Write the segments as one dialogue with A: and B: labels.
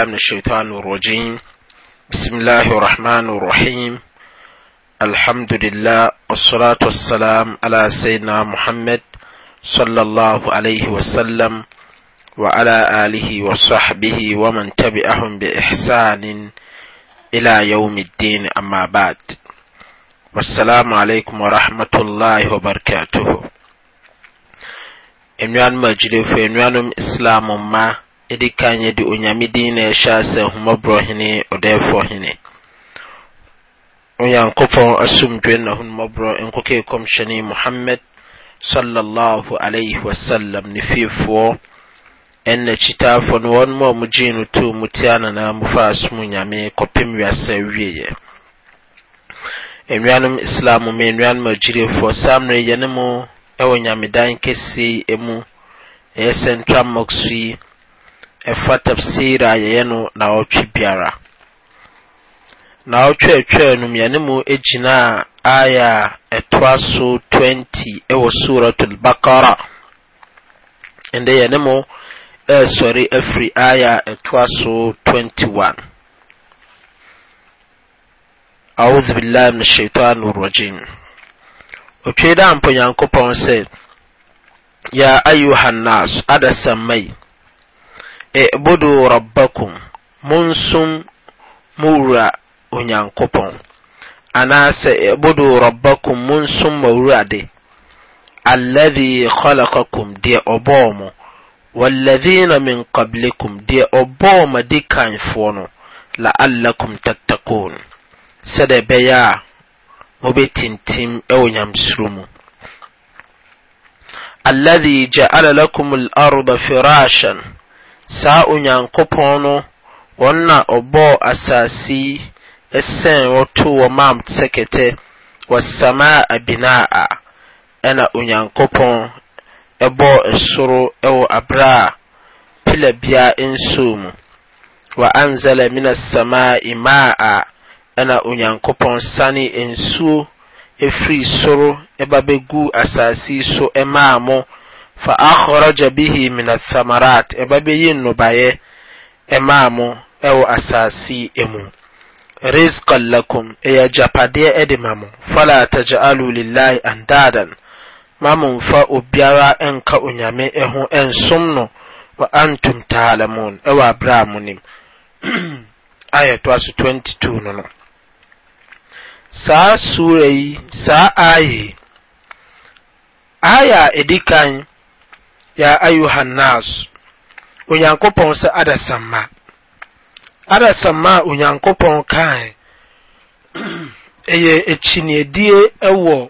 A: من الشيطان الرجيم بسم الله الرحمن الرحيم الحمد لله والصلاة والسلام على سيدنا محمد صلى الله عليه وسلم وعلى آله وصحبه ومن تبعهم بإحسان إلى يوم الدين أما بعد والسلام عليكم ورحمة الله وبركاته إنوان مجرف إنوان إسلام ما ɛdi kan yɛde onyame din na ɛhyɛ asɛ homɔborɔ hene ɔdɛɛfoɔ hene onyankopɔn asomdwe na homɔborɔ nkokɛ kɔmhyɛne muhammad sallallahu alaihi wasallam ne fiefoɔ ɛnna kyitaafoɔ no wɔn a wɔgyee no too mu ti anana mufa asom nyame kɔpem wiase wieɛ nnuanom islam me nnuanom agyiriefoɔ saa mmerɛ yɛne mu ɛwɔ nyamedan kɛseɛ mu ɛyɛ central mosque ɛfa tafsir a yɛyɛ no naawɔtwe biara naawɔtwe atwaa no mu mu gyinaa aya a ɛtoa so 20 ɛwɔ suratul bakara ɛndɛ yɛne mu ɛresɔre afiri aya a ɛtoa so 21 أعوذ بالله من الشيطان الرجيم وكيدا أمبو ينكو بونسي يا أيها الناس أدى سمي rabbakum ربكم mura مورا onyankopɔn anaasɛ ibudu rabbakum munsom mawurade alladhi khalaqakum deɛ obomo mo walladhina min qablikum deɛ oboma ma di kanfoɔ no la'allakum tattaqun sɛdeɛ ɛbɛyɛ a mobɛtintim ɛwɔ nyamsuro mu alladhi ja'ala lakum al firashan saa onyankopɔn no wɔn na ɔbɔɔ asase yi ɛsɛn wɔto wɔ mam sɛ wɔ samaa abinaa ɛna onyankopɔn ɛbɔɔ ɛsoro ɛwɔ abere a pila bia nsuo mu wa anzala mina samaa imaa ɛna onyankopɔn sane nsuo efiri soro ɛba bɛgu asase so ɛmaa mo fa akhraja bihi min athamarat ɛba bɛyi nnobaeɛ ɛmaa mo ɛwɔ asaase emu rizqan lakum ɛyɛ agyapadeɛ ɛde ma mo fala taj'alu lillahi andadan ma mo mfa obiara ɛnka onyame ɛho ɛnsom no wa antum taalamun ɛwɔ abere a mo nim ayɛ to aso 22 no no saa sura yi saa aya yi a ɛdi kan ya ayuhan nas onyankopɔn sɛ adasamma adasamma a onyankopɔn kae ɛyɛ akyinniedie ɛwɔ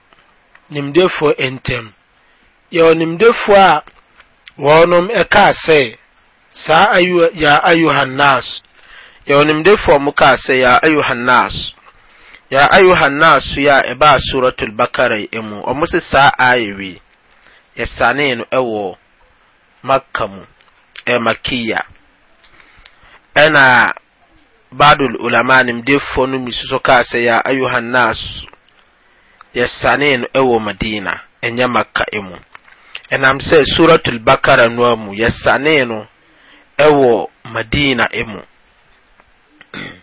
A: nimdefoɔ ntam yɛwɔ nimdefoɔ a wɔnom ɛkaa sɛ saa ayu ya ayuhan nas yɛwɔ nimdefoɔ mu kaa sɛ ya ayuhan nas ya ayuhan nas yɛ a ɛbaa suratul bakara mu ɔmo sɛ saa ayɛ wi yɛsanee no ɛwɔ makka mu makiya ɛna badul ulama nimdefoɔ no mi soso kaa sɛ ya ayuha nas yɛsanee no ɛwɔ madina ɛnyɛ makka mu ɛnam sɛ suratul bakara no amu yɛsanee e ɛwɔ madina mu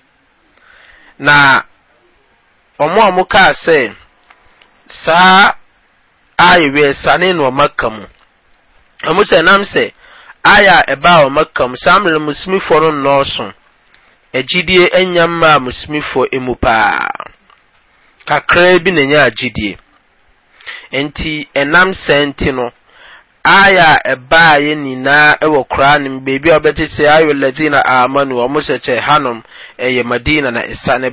A: na ɔmo a mo kaa sɛ saa ayewɛ sanee no makka mu ɔmo sɛ nam sɛ aya ɛbaa wɔ maka mu saa mmerɛ musumifoɔ no nnɔɔso agyidie anya mmaa musumifoɔ mu paa kakraa bi na ɛnyɛ agyidie nti ɛnam sɛn ti no aya a ɛbaayɛ nyinaa ɛwɔ koraa no mu beebi a wɔbɛte sɛ ayɔ ladina amanu ɔmo sɛ kyɛ hanom ɛyɛ na ɛsa ne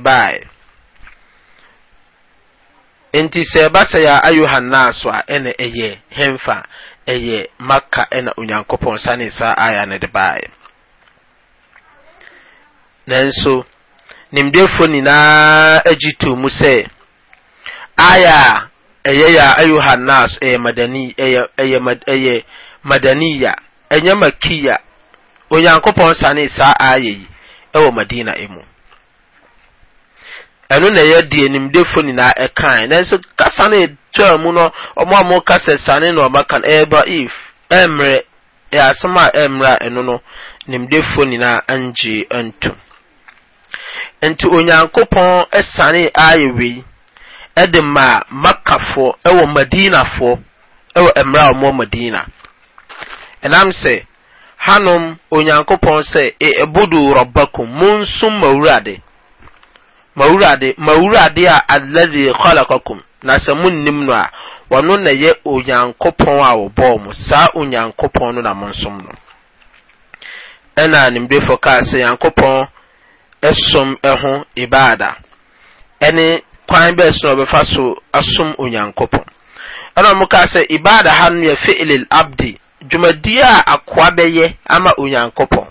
A: nti ɛyɛ maka ɛna onyankopɔn sane saa aya no de baeɛ nanso nimdefoɔ nyinaa agye to mu sɛ aya a ɛyɛ yɛ ayuha nas ɛyɛ madani ɛyɛ ɛyɛ ɛyɛ madaniya ɛnyɛ makiya onyankopɔn sane saa aya yi ɛwɔ madina emu ɛno na ɛyɛ deɛ nimdefo nyinaa ɛkae nanso kasa no ɛtwaa mu no ɔmo a mo kasa sane na ɔma aka no ɛyɛ if ɛmmerɛ ɛyɛ asɛm a ɛmmerɛ a ɛno no nimdefo nyinaa angye antum nti onyankopɔn ɛsane e ayɛ wei ɛde e ma makafoɔ ɛwɔ e madinafoɔ ɛwɔ mmerɛ a ɔmo madina ɛnam sɛ hanom onyankopɔn sɛ ɛbudu rɔbakum monsom mawurade mawurade mawurade a alladhi khalaqakum na sɛ munnim no a wɔno na yɛ onyankopɔn a wɔbɔɔ mo saa onyankopɔn no na nsom no ɛna nimbefo kaa sɛ nyankopɔn ɛsom ɛho ibada ɛne kwan bɛɛ so na ɔbɛfa so asom onyankopɔn ɛna ɔmo kaa sɛ ibada ha no yɛ fi'lil abdi dwumadie a akoa bɛyɛ ama onyankopɔn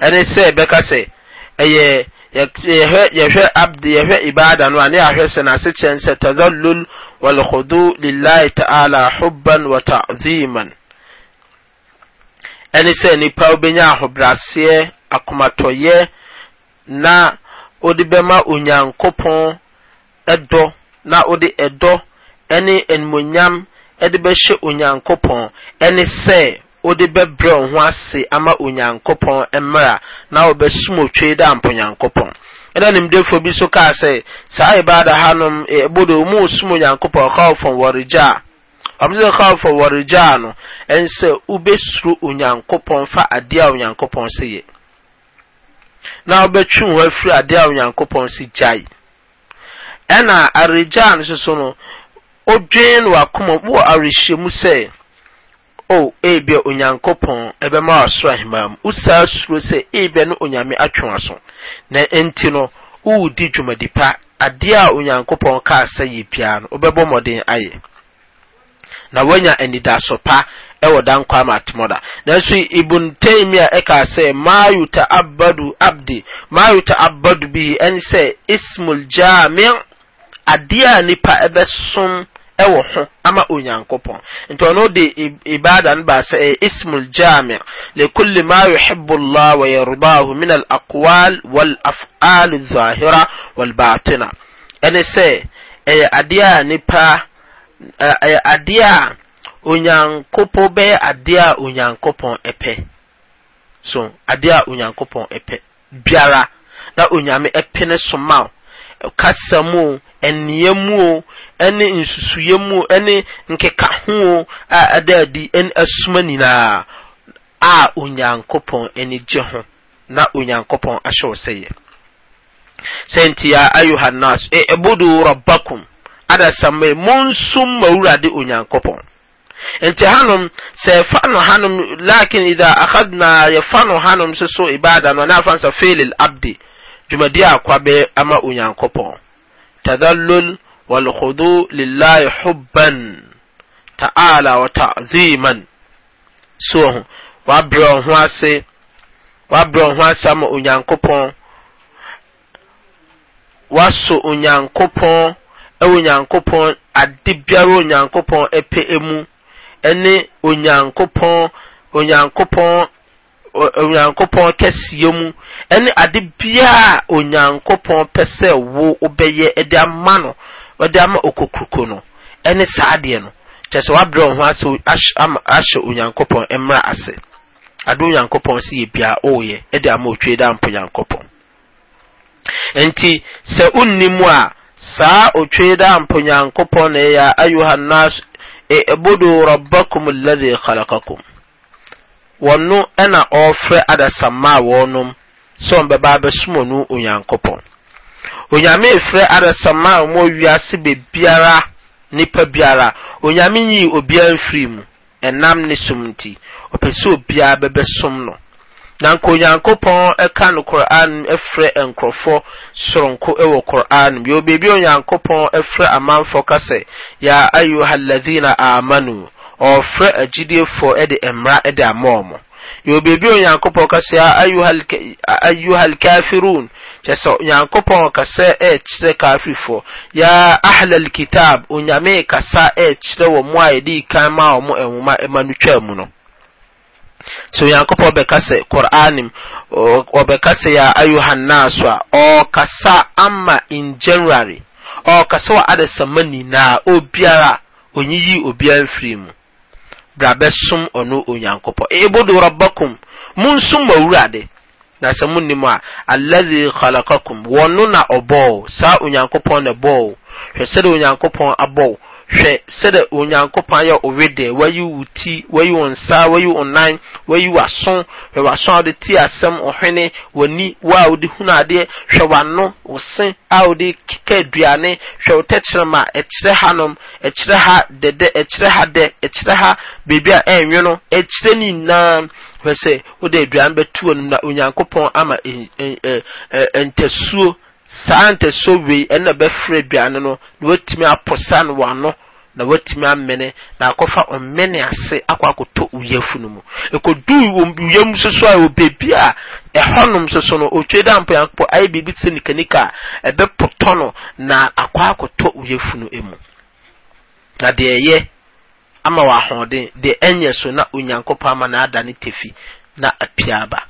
A: ɛne sɛ ɛbɛka sɛ ɛyɛ yɛhwɛ yɛhwɛ abdi yɛhwɛ ibada no a ne ahwɛ sɛ n'asekyɛn sɛ tadallul walhudu lillahi ta'ala hubban wa ta'dhiman ɛne sɛ nipa wobɛnya ahobraseɛ akomatɔyɛ na wode bɛma onyankopɔn ɛdɔ na wode ɛdɔ ɛne animonyam ɛde bɛhyɛ onyankopɔn ɛne sɛ wode bɛbrɛ wo ho ase ama onyankopɔn mmerɛ na wɔbɛsom otwe da amponyankopɔn ɛna nimdefoɔ bi so kaa sɛ saa ibada hanom ɛbodo e, mu som onyankopɔn khawfon wɔregyaa ɔmo sɛ khawfon wɔregyaa no ɛnsɛ wobɛsuro onyankopɔn fa adeɛ a onyankopɔn se yɛ na wobɛtwe wo afiri adeɛ a onyankopɔn se gyae ɛna aregyaa no soso no wodwee no wakoma wowɔ awerɛhyɛmu sɛ o oh, ebia onyankopɔn ɛbɛma wasoro ahemmaa mu usa suro sɛ ebia no onyame atwe waso na enti no wowodi dwumadi pa adeɛ a onyankopɔn kaa sɛ yɛ piaa no wobɛbɔ mmɔden ayɛ na wanya so pa ɛwɔ danko ama atemɔda nanso ibn taimi a ɛka sɛ ma abadu abdi ma abadu bihi ɛne sɛ ismul jami adeɛ a nipa ɛbɛsom ɛwɔ ho ama onyankopɔn nti ɔno de ibada no baasa ɛyɛ ismul jami lekulli ma yuhibbu allah wa yardahu min al aqwal wal af'al zahira wal batina ɛne sɛ ɛyɛ adeɛ a nipa ɛyɛ adeɛ a onyankopɔn bɛyɛ adeɛ a onyankopɔn ɛpɛ so adeɛ a onyankopɔn ɛpɛ biara na onyame ɛpɛ ne so kasa mu o ɛnea mu o ɛne nsusuyɛ mu o ɛne nkeka ho o a ɛda adi ɛne asuma nyinaa a onyankopɔn ani gye ho na onyankopɔn ahyɛ wo sɛ yɛ sɛnti a ayuha nas ɛbudu e, rabbakum ada samɛ monsum mawurade onyankopɔn nti hanom sɛ ɛfa no hanom lakin idha akhadna yɛfa no hanom so ibada no ana afa nsa failil abdi dwumadi a kwabɛ ama onyankopɔn tadallul walkhudu lillahi hubban ta'ala wa ta'ziman so ho wabrɛ wɔn ho ase wabrɛ wɔn ho ase ama onyankopɔn waso onyankopɔn ɛwɔ e onyankopɔn ade biara onyankopɔn ɛpɛ emu ɛne onyankopɔn onyankopɔn onyankopɔn kɛseɛ mu ɛne ade biaa onyankopɔn pɛ sɛ wo wobɛyɛ ɛde ama no ɔde ama okokuroko no ɛne saa deɛ no kyɛ sɛ woabrɛ wo ho ase ahyɛ onyankopɔn mmra ase ade onyankopɔn sɛ yɛ biaa ɔɔyɛ ɛde ama otwe da mpo nyankopɔn nti sɛ wonni mu a saa otwe da mpo nyankopɔn na ɛyɛ a ɛbodo e-, rabbakum alladhi khalaqakum wɔno ɛna ɔrefrɛ adasamma a wɔnom sɛ wɔn bɛba abɛsom no onyankopɔn onyame efrɛ adasamma a wɔn wiase bebiara nipa biara onyame nyi obiara nfiri mu ɛnam ne som nti ɔpɛ sɛ obiara bɛbɛsom no na nka onyankopɔn ɛka no koran ɛfrɛ nkurɔfoɔ soronko ɛwɔ koran mu yɛwɔ beebi onyankopɔn ɛfrɛ amanfoɔ kasa sɛ ya ayuha alladhina amanu ɔfrɛ agyidiefo ɛde mmara ɛde ama wɔn yɛ beebi onyankopɔn kasa ayuhal kafirun kyɛ sɛ onyankopɔn kasa ɛɛkyerɛ kafirifo ya ahlal kitab onyame kasa ɛɛkyerɛ wɔ mu a yɛde kan ma wɔn nwoma ɛma no twaa mu no so onyankopɔn bɛka sɛ qur'anim ɔbɛka sɛ ya ayuhan naso a ɔɔkasa ama in january ɔɔkasa wɔ adasamma nyinaa obiara onyiyi obiara mfiri mu brabɛsom ɔno onyankopɔn ibudu rabbakum munsom awurade na sɛ munni mu a alladhi khalaqakum wɔno na ɔbɔɔ saa onyankopɔn na ɛbɔɔ hwɛ sɛdeɛ onyankopɔn abɔɔ hwɛ sɛdɛ onyankopɔn ayɛ ɔwe dɛ wayi wo ti wayi wo nsa wayi wo nan wayi w'aso hwɛ w'aso a wode ti asɛm ɔhwene w'ani wo a wode hunu adeɛ hwɛ w'ano wo se a wode keka aduane hwɛ wo tɛkyerɛma ɛkyerɛ hanom ɛkyerɛ ha dɛdɛ ɛkyerɛ ha dɛ ɛkyerɛ ha beebi a ɛnwe no ɛkyerɛ ne nyinaa hwɛ sɛ wode aduane bɛtu wɔ no na onyankopɔn ama ntasuo saa ntɛsɔ wei ɛna bɛfrɛ aduane no na watumi apɔsa no wano na watumi amene na akɔfa ɔmene ase akɔ akɔtɔ uyafu no mu ɛkɔduu uyam soso a ɛwɔ beebi a ɛhɔnom soso no otwe dɛ ampo yankopɔ ayɛ biribi te sɛ nikanika a ɛbɛpotɔ no na akɔ akɔtɔ uyafu no mu na deɛ ɛyɛ ama wɔ ahoɔden deɛ ɛnyɛ so na onyankopɔn ama na ada ne tefi na aba.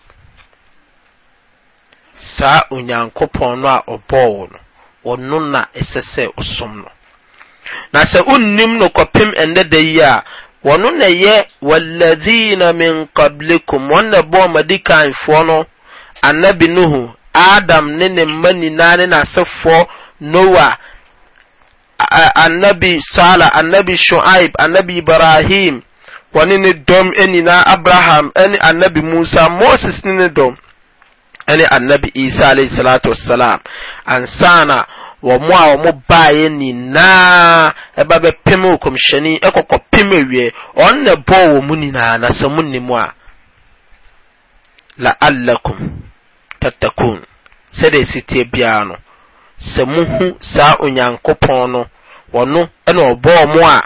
A: saa onyankopɔn no a ɔbɔɔ wo no ɔno na ɛsɛ sɛ ɔsom no na sɛ wonnim no kɔpem ɛnnɛ da yi a wɔno na ɛyɛ waladina min kablikum wɔn na ɛbɔɔ madikanfoɔ no annabi nuhu adam ne ne mma nyinaa ne n'asefoɔ noa annabi sala annabi shu'aib annabi ibrahim wɔne ne dɔm nyinaa abraham ne annabi musa moses ne ne dɔm ne annabi isa alayhi salatu wassalam ansana wɔn a wɔn baeɛ nyinaa ɛba bɛpem okɔmhyɛni ɛkɔkɔ pem awie ɔn na bɔɔ wɔn mu nyinaa na sɛ mo nne mu a la'allakum tattakun sɛdeɛ sitie biara no sɛ muhu saa onyankopɔn no wɔno ɛna ɔbɔɔ mo a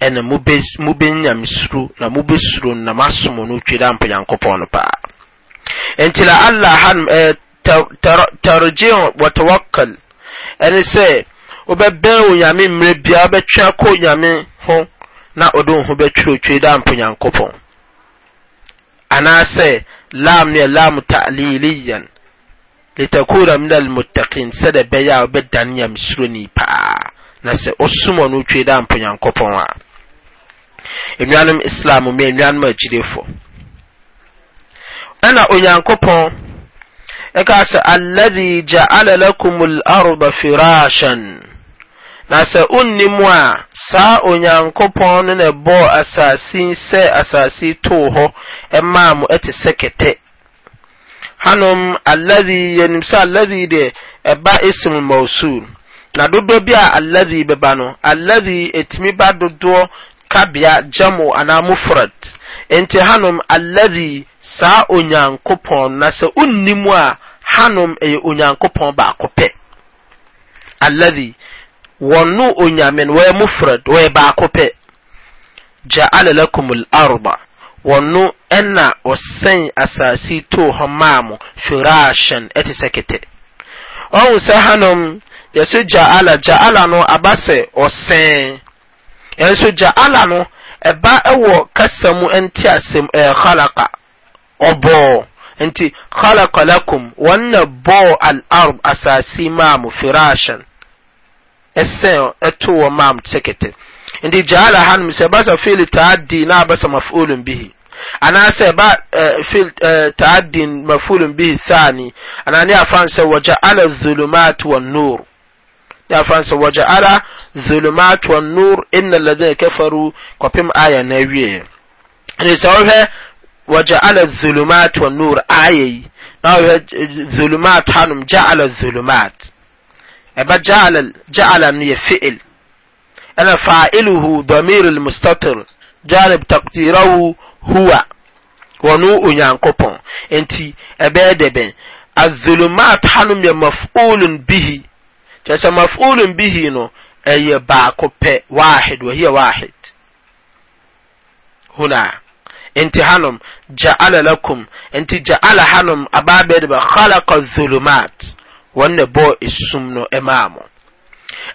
A: ɛna mobɛnyamsuro na mobɛsuro no na moasom no twɛ dɛ ampa nyankopɔn no paa nti la allah han ɛɛ tarjiho wɔtɔwɔkal ɛne sɛ wobɛbɛn wo nyame mmerɛ biara wobɛtwea kɔ nyame ho na ɔde wo ho bɛtwerɛtwe dɛ ampo nyankopɔn anaasɛ lam ne lam ta'liliyan litakuna min almuttaqin sɛdɛ bɛyɛ a wobɛdane nyamesuroni paa na sɛ ɔsom ɔno wotwe dɛ ampo nyankopɔn a nnuanom islam mu nnuanom agyirefo ɛna onyankopɔn ɛka sɛ alladhi ja'ala lakum al-arda firashan na sɛ onni mu a saa onyankopɔn no na ɛbɔɔ asase sɛ asase too hɔ ɛmaa mo ɛte sɛ kɛtɛ hanom alladhi yɛnim sɛ alladhi deɛ ɛba isim mausul na dodoɔ bi a alladhi bɛba no alladhi etumi ba dodoɔ kabea jamo anaa mufrad nti hanom alladhi saa onyankopɔn na sɛ onni mu a hanom ɛyɛ onyankopɔn baako pɛ alladhi wɔno onyame no wɔyɛ mufrad wɔyɛ baako pɛ ja'ala lakum al-arba wɔno ɛna ɔsɛn asase too hɔ maa mo firashan ɛte sɛ kɛtɛ ɔhu sɛ hanom yɛsɛ ja'ala ja'ala no aba sɛ ɔsɛn ɛnso ja'ala no ɛba ɛwɔ kasa mu ɛnti asɛm ɛɛ khalaqa ɔbɔɔ nti khalaqa lakum wɔn na bɔɔ al-arb asaasi maamu firashan ɛsɛn ɛto wɔ maamu sekete nti jaala hanum sɛ ɛba sɛ fiili taadi na basa sɛ mafulun bihi anaasɛ ba fil fiili ɛɛ taadi mafulun bihi saani anaani afaan sɛ wɔgya ala zulumaati wa nuur ya fansa waje ara zulumat wan nur innal ladina kafaru kwafim aya na wiye ne sawhe waje ala zulumat wan nur ayayi na zulumat hanum ja'ala zulumat eba ja'ala ja'ala ni fi'il ana fa'iluhu damir al mustatir janib taqdirahu huwa wɔno onyankopɔn nti ɛbɛyɛ dɛ bɛn azulumat hanom yɛ maf'ulun bihi kyɛ sɛ maf'ulun bihi no ɛyɛ baako pɛ wahid wahiya wahid huna nti hanom ja'ala lakum nti ja'ala hanom abaabɛde ba khalaqa zulumat wɔn na bɔɔ esum no ɛmaa mo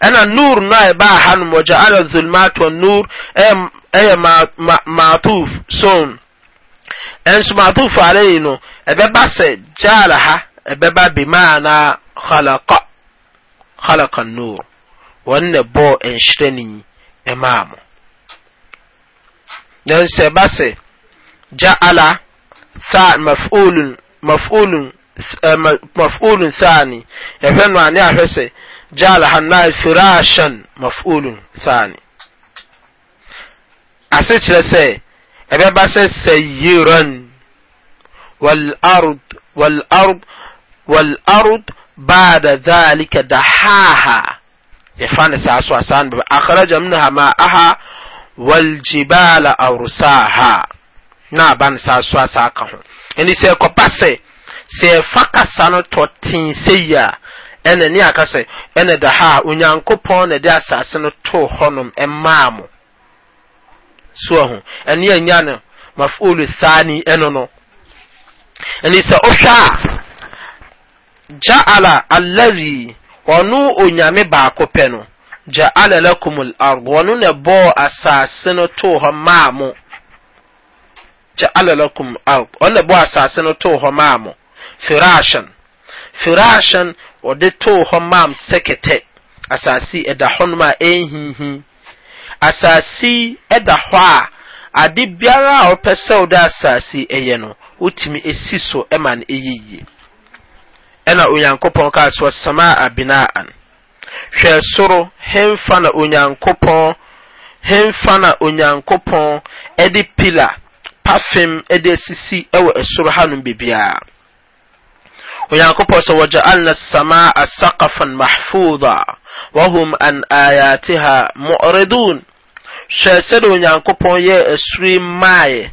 A: ɛna nur no a ɛbaa hanom wɔ ja'ala zulumat wɔ nur ɛyɛ ɛyɛ ma ma maatuf son ɛnso maatuf alayhi no ɛbɛba sɛ ja'ala ha ɛbɛba bi maana khalaqa خلق النور وان بو انشرني امام دون سباس جعل ساء مفعول مفعول مفعول ثاني يفهم معنى حسي جعل حنا فراشا مفعول ثاني أسيت لسي أبي بس سيرا والأرض والأرض والأرض, والأرض ba'da dhalika dahaha yɛfa ne saa so asaa no akhraja minha ma'aha waljibala awrusaha na aba ne saa so asaa ka ho ɛni sɛ ɛkɔpa sɛ sɛ ɛfa kasa no tɔ tee sɛ yi a ɛna ne aka sɛ ɛna da ha a onyankopɔn na de asase no too hɔnom ɛmaa e mo so ɛho ɛne anya no mafuulu saani ɛno no ɛni sɛ ɔhwɛ a ja'ala allazi ɔno onyame baako pɛ no ja'ala lakum al-ard ɔno na bɔɔ asase no too hɔ maa mo ja'ala lakum al-ard ɔno na bɔɔ asase no too hɔ maa mo firashan firashan ɔde too hɔ maa mo sɛ kɛtɛ asase ɛda hɔnom a ɛnhinhin asase ɛda hɔ a ade biara a ɔpɛ sɛ ɔde asase ɛyɛ no wotumi esi so ɛma no ɛyɛ yie. ɛna onyankopɔn kaa sɛ wasamaa binaan hwɛ soro hemfa na onyankopɔn hemfa na onyankopɔn ɛde pila pafem ɛde asisi ɛwɔ ɛsoro hanom bebiara onyankopɔn sɛ wagyaalna samaa sakafan mahfuda wahum an ayatiha mu'ridun hwɛ sɛde onyankopɔn yɛ asuri maaeɛ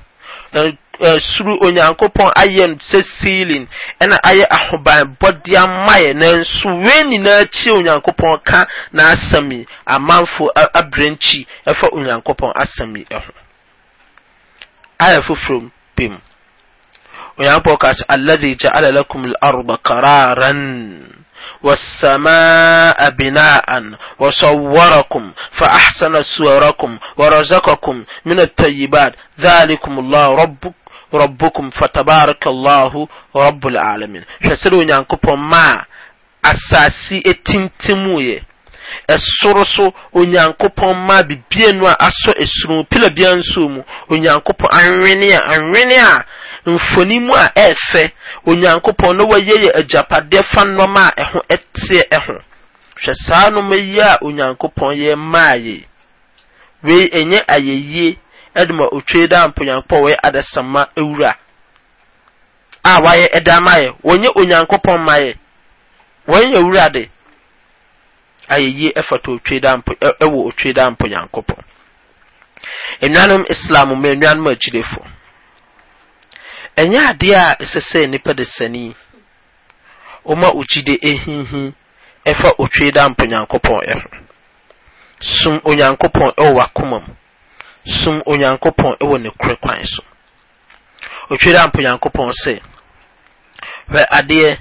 A: suru onyankopɔn ayɛ no sɛ sealing ɛna ayɛ ahobanbɔde amaeɛ nanso wei nyinaa kyerɛ onyankopɔn ka n'asɛm yi amanfo aberɛnkyi ɛfa onyankopɔn asɛm yi ho ayɛ foforɔ bi mu onyankopɔn ka sɛ alladhi ja'ala lakum al-arda qararan والسماء بناء وصوركم فأحسن صوركم ورزقكم من الطيبات ذلكم الله ربكم rabbukum fatabarakallahu rabbul alamin hwɛ sɛdeɛ onyankopɔn ma a asase ɛtintimuiɛ ɛsoro so onyankopɔn ma bibie no a asɔ esuro mu pila bia nso mu onyankopɔn anwene a anwene a mfoni mu a ɛɛfɛ onyankopɔn na wɔyɛ yɛ agyapadeɛ fa nnɔma a ɛho ɛteɛ ɛho hwɛ saa nnɔma yi a onyankopɔn yɛ maa yɛ wei ɛnyɛ ayɛyie ɛde ma otwe da mponyankopɔn wɔyɛ adasamma ewura a wayɛ ɛda mayɛ wɔnyɛ onyankopɔn mayɛ wɔnyɛ de. ayɛ yie ɛfata otwe da mpo ɛwɔ otwe da mponyankopɔn nnuanom islam mu nnuanom akyirefo ɛnyɛ adeɛ a ɛsɛ sɛ nipa de sani wɔma ogyide ehinhim ɛfa otwe da mponyankopɔ. ɛho sum onyankopɔ ɛwɔ wakoma mu som onyankopɔn wɔ ne korɛ kwan so otwere ampa onyankopɔn sɛ hwɛ adeɛ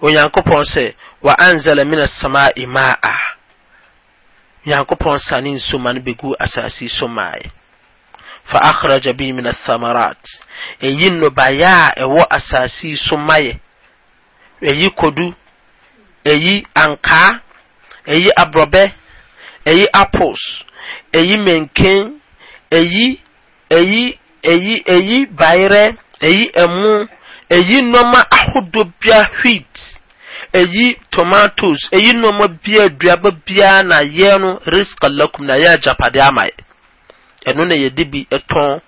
A: onyankopɔn sɛ wa anzala mina samaa'i maa'a onyankopɔn sane nsoma no bɛgu asase so maaɛ fa akhraja bi min athamarat ɛyi nnɔbaeɛ a ɛwɔ asase so mayɛ ɛyi kodu ɛyi ankaa ɛyi aborɔbɛ ɛyi apples ɛyi menken eyi eyi eyi eyi bayerɛ eyi ɛmu eyi nneɛma ahodoɔ bia wheat eyi tomatoes eyi nneɛma bia aduaba bia na yɛ no risk lakum na yɛ agyapade ama yɛ ɛno na yɛde bi tɔn,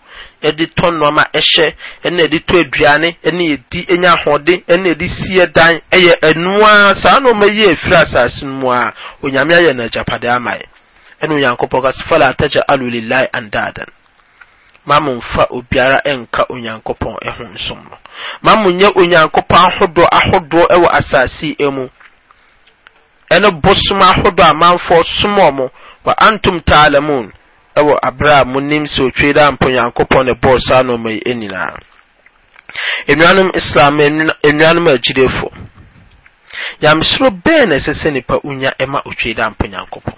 A: ɛde tɔn nneɛma ɛhyɛ ɛna yɛde tɔ aduane ɛna yɛdi anya ahoɔden ɛna yɛde si ɛdan ɛyɛ ɛnoa saa nneɛma yi efiri asase mu a onyame ayɛ na agyapade ama yɛ. ɛne onyankopɔn ka fala taj'alu lillahi andadan ma momfa obiara ɛnka onyankopɔn ho nsom no ma nye onyankopɔn ahodoɔ ahodoɔ ɛwɔ asase mu ɛne bosom ahodoɔ a manfoɔ somɔ mo wa antum taalamun ɛwɔ abere a monim sɛ otwe dɛ ampa onyankopɔn ne bɔɔ saa nɔɔma yi nyinaa nnuanom islam nnuanom agyidefo nyamesoro bɛɛ na ɛsɛ sɛ nipa onya ɛma otwe dɛ ampa onyankopɔn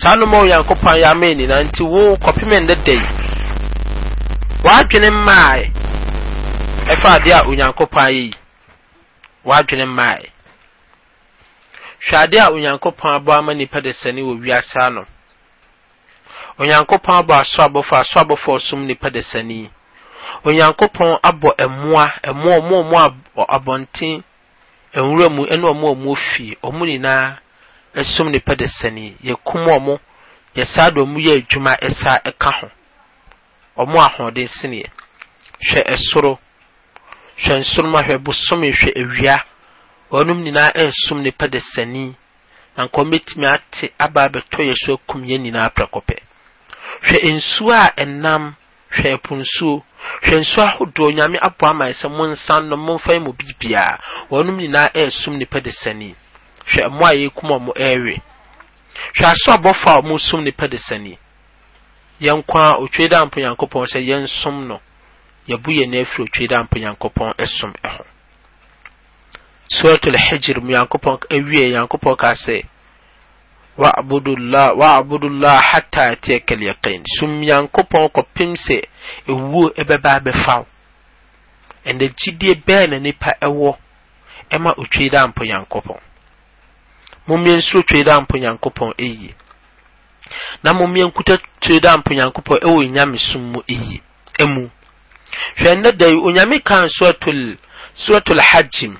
A: saa nnoma onyankopɔn yɛ ama nyinaa nti wo kɔpem ndeda yi wadwene mmaa ɛfa ade a onyankopɔn ayɛ yi wadwene mmaa hwɛ ade a onyankopɔn abɔ ama nipa de sɛne wɔ wiase ano onyankopɔn abɔ aso abɔfo aso abɔfo ɔsom nipa de sɛne onyankopɔn abɔ ɛmoa ɛmoa ɔmo ɔmo abɔnten nwura mu ɛne ɔmo ɔmo fie ɔmo nyinaa ɛsom nipa da sani yɛkum ɔmo yɛsaa de ɔmo yɛ adwuma ɛsaa ɛka ho ɔmo ahoɔden seneɛ hwɛ ɛsoro hwɛ nsoroma hwɛ bosome hwɛ awia wɔnom nyinaa ɛnsom nipa da sani na nkɔm betumi ate aba abɛtɔ yɛ so akum yɛn nyinaa prɛkɔpɛ hwɛ nsuo a ɛnam hwɛ ɛpo nsuo hwɛ nsuo ahodoɔ nyame aboa ɛsɛ mo nsa no mo mfa mu biribiara wɔnom nyinaa ɛsom nipa da sani hwɛ mo a yɛkum ɔmo ɛɛwe hwɛ aso abɔfo a ɔmo som nipa de sani yɛn ko a otwe da mpo nyankopɔn sɛ yɛn som no yɛbu yɛn na afiri otwe da mpo nyankopɔn ɛsom ɛho suratul hijr mu nyankopɔn awie nyankopɔn ka sɛ wa'budullah hatta atiyaka al-yaqin sum yankopɔn kɔpem sɛ ewuo ɛbɛba abɛfaw ɛnna gyidie bɛɛ na nipa ɛwɔ ɛma otwe da mpo nyankopɔn mommie nso twe da mpo nyankopɔn ɛyie na mommie nkuta twe da mpo nyankopɔn ɛwɔ nyame som mu ɛyie ɛmu hwɛ nnɛ da yi onyame kan suratul suratul hajjim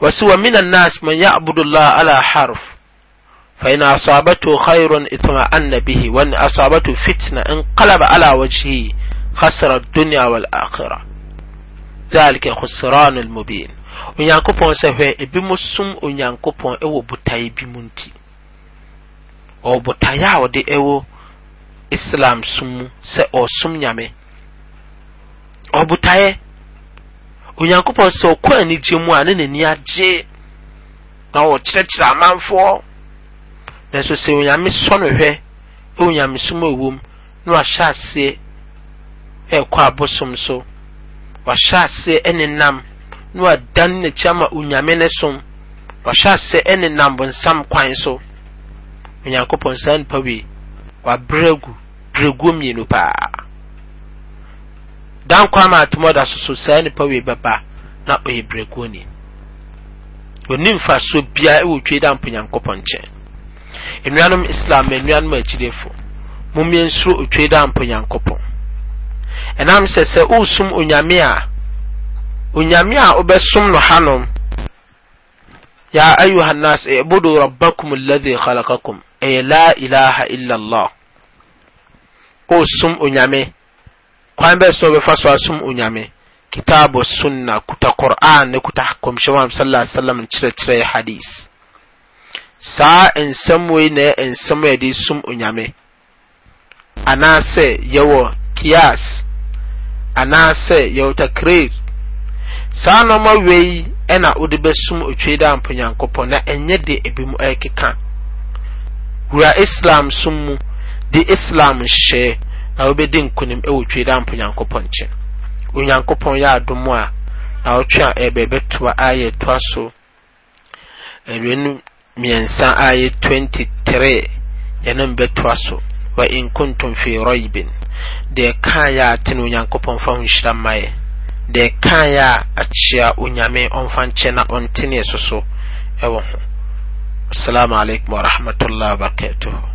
A: wɔsi wa mina nas man ya'budu allah ala harf fa asabatu ithma فإن أصابته wa اطمأن asabatu fitna أصابته فتنة انقلب على وجهه dunya wal akhirah ذلك خسران المبين onyankopɔn sɛ hwɛ ebi mo som onyankopɔn ɛwɔ botae bi mu nti ɔwɔ botae a ɔde ɛwɔ islam som mu sɛ ɔsom nyame ɔwɔ botae onyankopɔn sɛ ɔkɔ anigye mu a ne n'ani agye na ɔkyerɛkyerɛ amanfoɔ nanso sɛ onyame sɔ no hwɛ ɛwɔ nyame som a ɛwɔ mu na wahyɛ aseɛ ɛɛkɔ abosom so wahyɛ aseɛ ɛne nam na wadan n'akyi ama onyame ne som wahyɛ ase ɛne nambonsam kwan so onyankopɔn saa nipa wei wabrɛ gu brɛguo mmienu paa dan kwan ma atom ɔda so so saa nipa wei bɛba na ɔyɛ brɛguo ni oni mfasoɔ biara ɛwɔ twe da mpo nyankopɔn nkyɛn nnuanom islam nnuanom agyirefo mummie nsoro otwe da mpo nyankopɔn ɛnam sɛ sɛ wosom onyame a onyame a wobɛsom no hanom ya ayuha nas ibudu rabbakum alladhi khalaqakum ɛyɛ la ilaha illa allah osom onyame kwan bɛ so bɛfa so asom onyame kitabu sunna kuta qur'an ne kuta kɔmhyɛ wa sallallahu alaihi wasallam kyerɛkyerɛ hadis saa nsɛm wei na nsɛm a yɛde som onyame anaasɛ yɛwɔ kias anaasɛ yɛwɔ takriri saa nɔɔma wei ɛna wode bɛsom otwe da ampa nyankopɔn na ɛnyɛ de ebi mu ɛkeka wura islam som mu de islam hyɛ na wobɛdi nkunim ɛwɔ twe da ampa nyankopɔn nkyɛn onyankopɔn yɛ adom a na wɔtwe a ɛbɛ bɛtoa a yɛ toa so ɛnwenu mmiɛnsa a yɛ 23 yɛne mbɛtoa so wa in kuntum fi deɛ kaa yɛ ate no onyankopɔn fa ho nhyira mma yɛ deɛ kaeɛ a akyia unyame ɔmfa na ontine soso so ɛwɔ ho assalamu alaikum wa wabarakatuhu